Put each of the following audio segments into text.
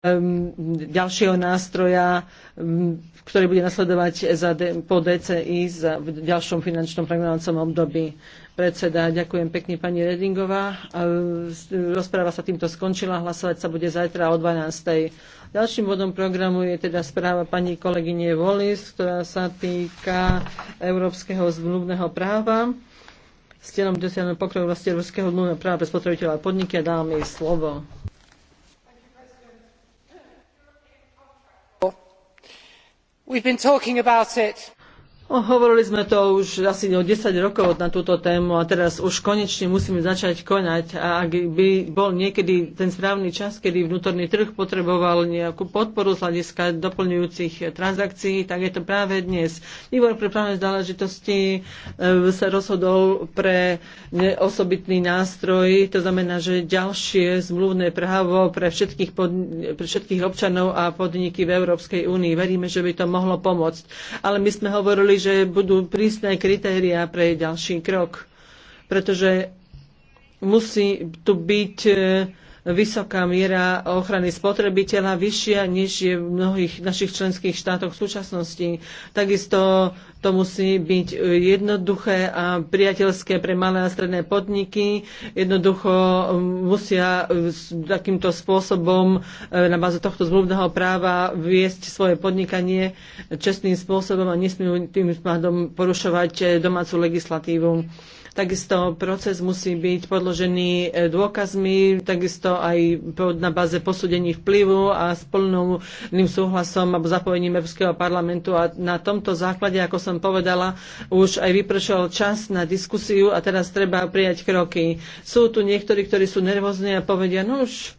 ďalšieho nástroja, ktorý bude nasledovať za, po DCI za, v ďalšom finančnom programovacom období. Predseda, ďakujem pekne pani Redingová. Rozpráva sa týmto skončila, hlasovať sa bude zajtra o 12. Ďalším bodom programu je teda správa pani kolegyne Wallis, ktorá sa týka európskeho zmluvného práva s cieľom dosiahnuť pokrok vlastne európskeho zmluvného práva pre spotrebiteľa a podniky a dáme jej slovo. we have been talking about it No, hovorili sme to už asi o 10 rokov na túto tému a teraz už konečne musíme začať konať. A ak by bol niekedy ten správny čas, kedy vnútorný trh potreboval nejakú podporu z hľadiska doplňujúcich transakcií, tak je to práve dnes. Výbor pre právne záležitosti e, sa rozhodol pre osobitný nástroj, to znamená, že ďalšie zmluvné právo pre všetkých, pod, pre všetkých občanov a podniky v Európskej únii. Veríme, že by to mohlo pomôcť. Ale my sme hovorili, že budú prísne kritériá pre ďalší krok, pretože musí tu byť vysoká miera ochrany spotrebiteľa, vyššia než je v mnohých našich členských štátoch v súčasnosti. Takisto to musí byť jednoduché a priateľské pre malé a stredné podniky. Jednoducho um, musia um, takýmto spôsobom uh, na báze tohto zmluvného práva viesť svoje podnikanie čestným spôsobom a nesmú tým pádom porušovať eh, domácu legislatívu. Takisto proces musí byť podložený eh, dôkazmi, takisto aj na báze posúdení vplyvu a s plným súhlasom alebo zapojením Európskeho parlamentu. A na tomto základe, ako som povedala, už aj vypršol čas na diskusiu a teraz treba prijať kroky. Sú tu niektorí, ktorí sú nervózni a povedia, no už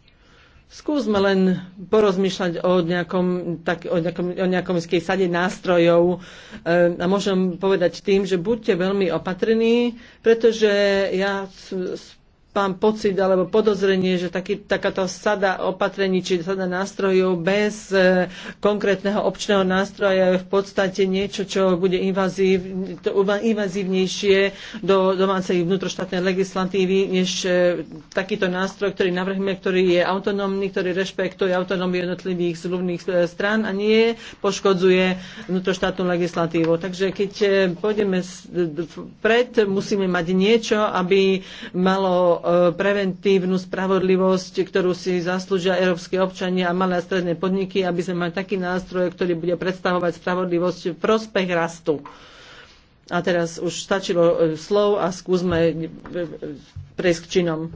Skúsme len porozmýšľať o nejakom, tak, o nejakom, o nejakom sade nástrojov e, a môžem povedať tým, že buďte veľmi opatrní, pretože ja mám pocit alebo podozrenie, že taký, takáto sada opatrení či sada nástrojov bez e, konkrétneho občného nástroja je v podstate niečo, čo bude invazív, to, invazívnejšie do domácej vnútroštátnej legislatívy, než e, takýto nástroj, ktorý navrhme, ktorý je autonómny, ktorý rešpektuje autonómiu jednotlivých zľubných e, strán a nie poškodzuje vnútroštátnu legislatívu. Takže keď e, pôjdeme pred, musíme mať niečo, aby malo E, preventívnu spravodlivosť, ktorú si zaslúžia európske občania a malé a stredné podniky, aby sme mali taký nástroj, ktorý bude predstavovať spravodlivosť v prospech rastu. A teraz už stačilo e, slov a skúsme e, prejsť k činom.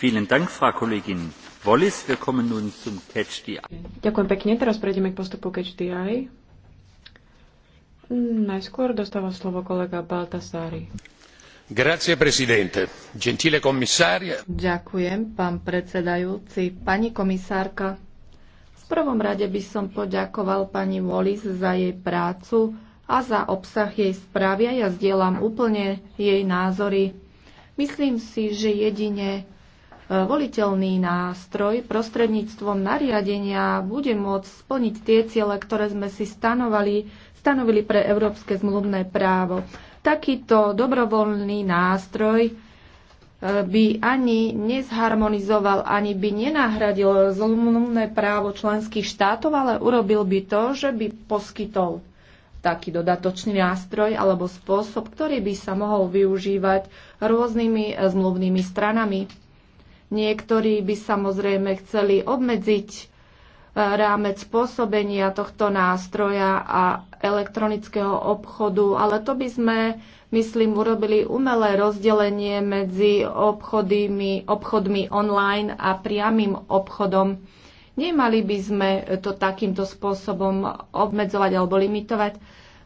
Vielen Dank, Frau Kollegin Wallis. Wir kommen nun zum Catch the Eye. Ďakujem pekne. Teraz prejdeme k postupu Catch the Eye. Najskôr dostáva slovo kolega Baltasári. Ďakujem, pán predsedajúci. Pani komisárka, v prvom rade by som poďakoval pani Wallis za jej prácu a za obsah jej správy a ja zdieľam úplne jej názory. Myslím si, že jedine e, voliteľný nástroj prostredníctvom nariadenia bude môcť splniť tie ciele, ktoré sme si stanovali, stanovili pre európske zmluvné právo. Takýto dobrovoľný nástroj e, by ani nezharmonizoval, ani by nenahradil zlomné právo členských štátov, ale urobil by to, že by poskytol taký dodatočný nástroj alebo spôsob, ktorý by sa mohol využívať rôznymi e, zmluvnými stranami. Niektorí by samozrejme chceli obmedziť rámec pôsobenia tohto nástroja a elektronického obchodu, ale to by sme, myslím, urobili umelé rozdelenie medzi obchodmi, obchodmi online a priamým obchodom. Nemali by sme to takýmto spôsobom obmedzovať alebo limitovať.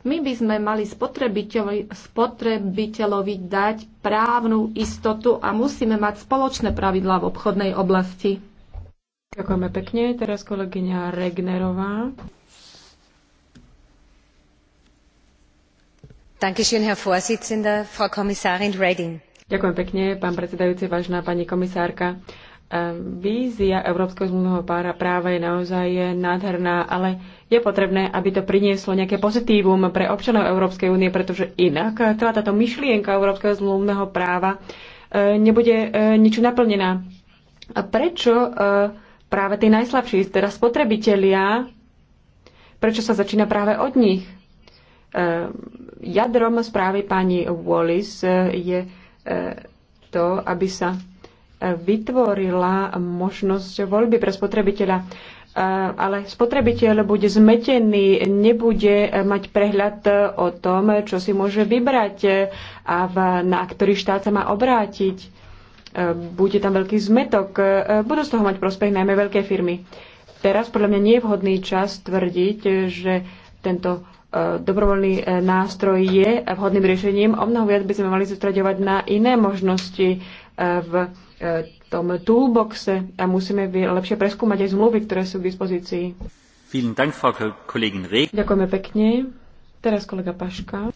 My by sme mali spotrebiteľovi, spotrebiteľovi dať právnu istotu a musíme mať spoločné pravidlá v obchodnej oblasti. Ďakujeme pekne. Teraz kolegyňa Regnerová. Dankeschön, Herr Vorsitzender, Frau Kommissarin Reding. Ďakujem pekne, pán predsedajúci, vážna pani komisárka. Ehm, vízia Európskeho zmluvného pára práva je naozaj nádherná, ale je potrebné, aby to prinieslo nejaké pozitívum pre občanov Európskej únie, pretože inak celá táto myšlienka Európskeho zmluvného práva ehm, nebude ehm, nič naplnená. A prečo práve tí najslabší, teda spotrebitelia, prečo sa začína práve od nich. E, jadrom správy pani Wallis e, je e, to, aby sa vytvorila možnosť voľby pre spotrebiteľa. Ale spotrebiteľ bude zmetený, nebude mať prehľad o tom, čo si môže vybrať a na ktorý štát sa má obrátiť E, bude tam veľký zmetok. E, budú z toho mať prospech najmä veľké firmy. Teraz podľa mňa nie je vhodný čas tvrdiť, že tento e, dobrovoľný nástroj je vhodným riešením. O mnoho viac by sme mali zostraďovať na iné možnosti v tom toolboxe a musíme lepšie preskúmať aj zmluvy, ktoré sú k dispozícii. Ďakujeme pekne. Teraz kolega Paška.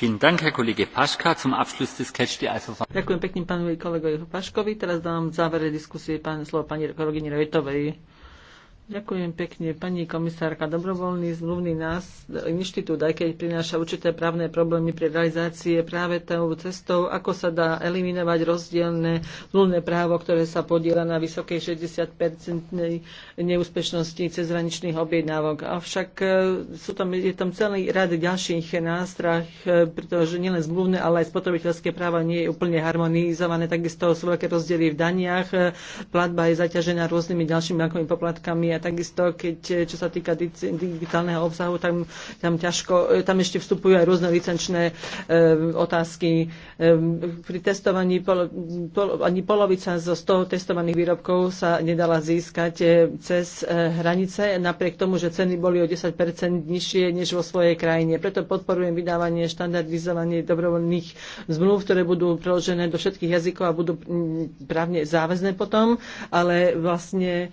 Ďakujem pekne pánovi kolegovi Paškovi. Teraz dám v závere diskusie slovo pani kolegyni Rojtovej. Ďakujem pekne, pani komisárka. Dobrovoľný zmluvný nás, inštitút, aj keď prináša určité právne problémy pri realizácii práve tou cestou, ako sa dá eliminovať rozdielne zmluvné právo, ktoré sa podiela na vysokej 60-percentnej neúspešnosti cezhraničných objednávok. Avšak e, sú tam, je tam celý rad ďalších nástrah, e, pretože nielen zmluvné, ale aj spotrebiteľské práva nie je úplne harmonizované. Takisto sú veľké rozdiely v daniach. E, platba je zaťažená rôznymi ďalšími bankovými poplatkami a Takisto, keď, e, čo sa týka digitálneho obsahu, tam, tam ťažko, e, tam ešte vstupujú aj rôzne licenčné e, otázky. E, pri testovaní polo, polo, ani polovica zo 100 testovaných výrobkov sa nedala získať e, cez hranice, napriek tomu, že ceny boli o 10 nižšie než vo svojej krajine. Preto podporujem vydávanie štandardizovanie dobrovoľných zmluv, ktoré budú preložené do všetkých jazykov a budú právne záväzné potom, ale vlastne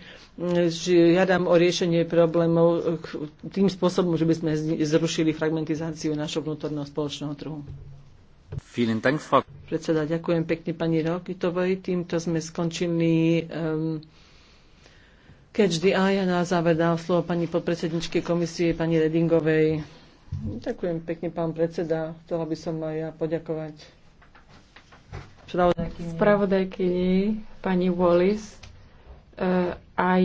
žiadam o riešenie problémov tým spôsobom, že by sme zrušili fragmentizáciu našho vnútorného spoločného trhu. Predseda, ďakujem pekne pani Rokitovej. Týmto sme skončili um, Catch the Eye a na záver dám slovo pani podpredsedničke komisie, pani Redingovej. Ďakujem pekne, pán predseda. Chcela by som aj ja poďakovať spravodajkyni pani Wallis Eh, aj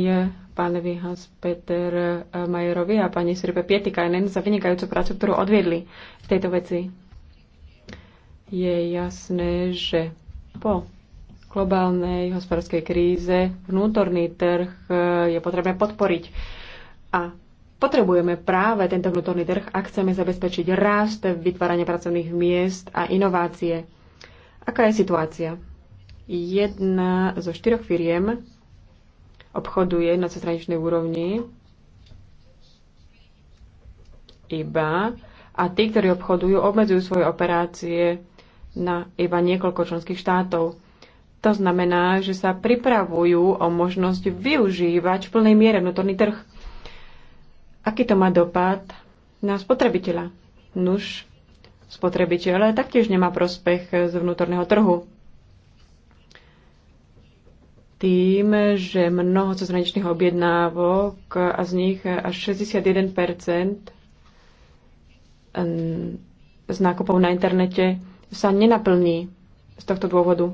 pánovi Hans-Peter eh, Majerovi a pani Sirpe Pietikainen za vynikajúcu prácu, ktorú odviedli v tejto veci. Je jasné, že po globálnej hospodárskej kríze vnútorný trh eh, je potrebné podporiť. A potrebujeme práve tento vnútorný trh, ak chceme zabezpečiť rast, vytváranie pracovných miest a inovácie. Aká je situácia? Jedna zo štyroch firiem obchoduje na cestraničnej úrovni iba a tí, ktorí obchodujú, obmedzujú svoje operácie na iba niekoľko členských štátov. To znamená, že sa pripravujú o možnosť využívať v plnej miere vnútorný trh. Aký to má dopad na spotrebiteľa? Nuž, spotrebiteľ taktiež nemá prospech z vnútorného trhu tým, že mnoho cezhraničných objednávok a z nich až 61 z nákupov na internete sa nenaplní z tohto dôvodu.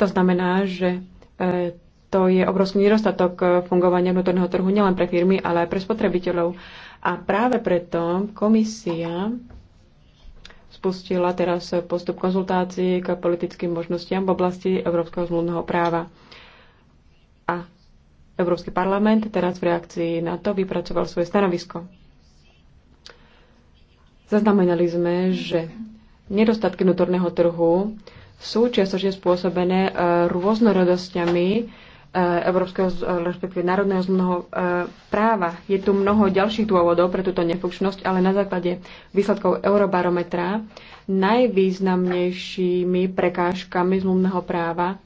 To znamená, že e, to je obrovský nedostatok fungovania vnútorného trhu nielen pre firmy, ale aj pre spotrebiteľov. A práve preto komisia spustila teraz postup konzultácií k politickým možnostiam v oblasti európskeho zmluvného práva. Európsky parlament teraz v reakcii na to vypracoval svoje stanovisko. Zaznamenali sme, že nedostatky vnútorného trhu sú čiastočne spôsobené e, rôznorodosťami e, európskeho, e, respektíve národného zmluvného práva. Je tu mnoho ďalších dôvodov pre túto nefunkčnosť, ale na základe výsledkov Eurobarometra najvýznamnejšími prekážkami zmluvného práva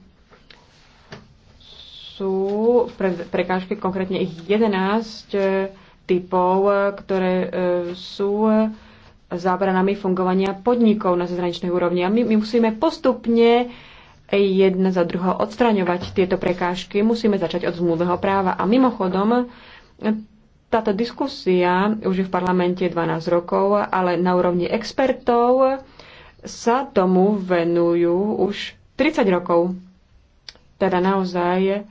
sú prekážky, konkrétne ich 11 e, typov, e, ktoré e, sú zábranami fungovania podnikov na zahraničnej úrovni. A my, my musíme postupne jedna za druhou odstraňovať tieto prekážky. Musíme začať od zmluvného práva. A mimochodom, táto diskusia už je v parlamente 12 rokov, ale na úrovni expertov sa tomu venujú už 30 rokov. Teda naozaj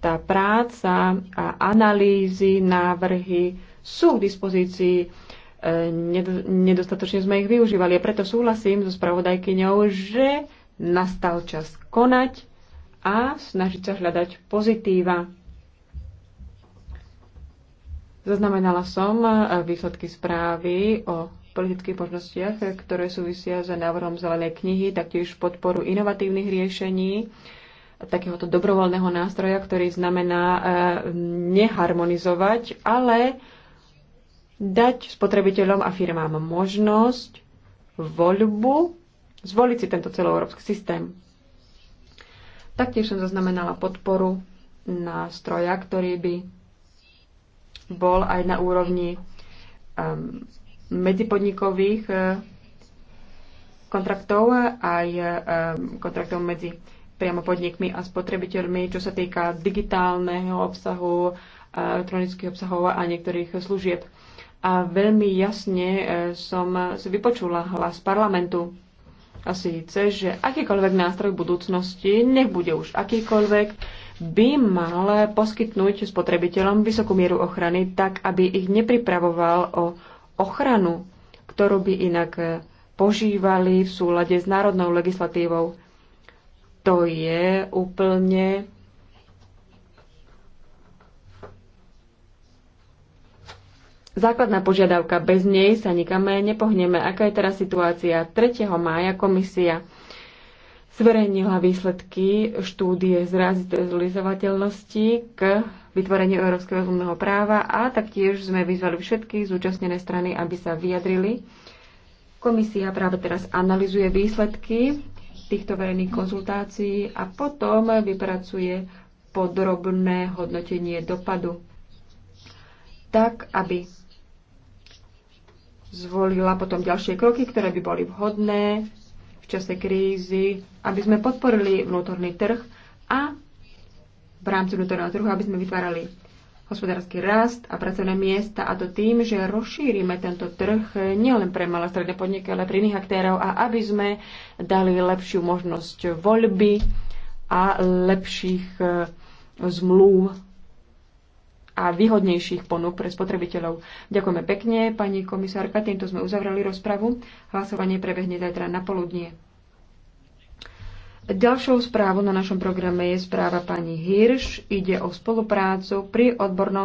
tá práca a analýzy, návrhy sú k dispozícii. E, nedostatočne sme ich využívali a preto súhlasím so spravodajkyňou, že nastal čas konať a snažiť sa hľadať pozitíva. Zaznamenala som e, výsledky správy o politických možnostiach, ktoré súvisia s návrhom zelenej knihy, taktiež podporu inovatívnych riešení takéhoto dobrovoľného nástroja, ktorý znamená e, neharmonizovať, ale dať spotrebiteľom a firmám možnosť voľbu zvoliť si tento celoeurópsky systém. Taktiež som zaznamenala podporu nástroja, ktorý by bol aj na úrovni um, medzipodnikových e, kontraktov aj um, kontraktov medzi priamo podnikmi a spotrebiteľmi, čo sa týka digitálneho obsahu, elektronických obsahov a niektorých služieb. A veľmi jasne e, som si vypočula hlas parlamentu a síce, že akýkoľvek nástroj v budúcnosti, nech bude už akýkoľvek, by mal poskytnúť spotrebiteľom vysokú mieru ochrany, tak aby ich nepripravoval o ochranu, ktorú by inak e, požívali v súlade s národnou legislatívou to je úplne základná požiadavka. Bez nej sa nikam nepohneme. Aká je teraz situácia? 3. mája komisia zverejnila výsledky štúdie zrealizovateľnosti k vytvoreniu Európskeho rozumného práva a taktiež sme vyzvali všetky zúčastnené strany, aby sa vyjadrili. Komisia práve teraz analizuje výsledky týchto verejných konzultácií a potom vypracuje podrobné hodnotenie dopadu tak, aby zvolila potom ďalšie kroky, ktoré by boli vhodné v čase krízy, aby sme podporili vnútorný trh a v rámci vnútorného trhu, aby sme vytvárali hospodársky rast a pracovné miesta a to tým, že rozšírime tento trh nielen pre malé stredné podniky, ale pre iných aktérov a aby sme dali lepšiu možnosť voľby a lepších e, zmluv a výhodnejších ponúk pre spotrebiteľov. Ďakujeme pekne, pani komisárka. Týmto sme uzavreli rozpravu. Hlasovanie prebehne zajtra na poludnie. Ďalšou správou na našom programe je správa pani Hirš. Ide o spoluprácu pri odbornom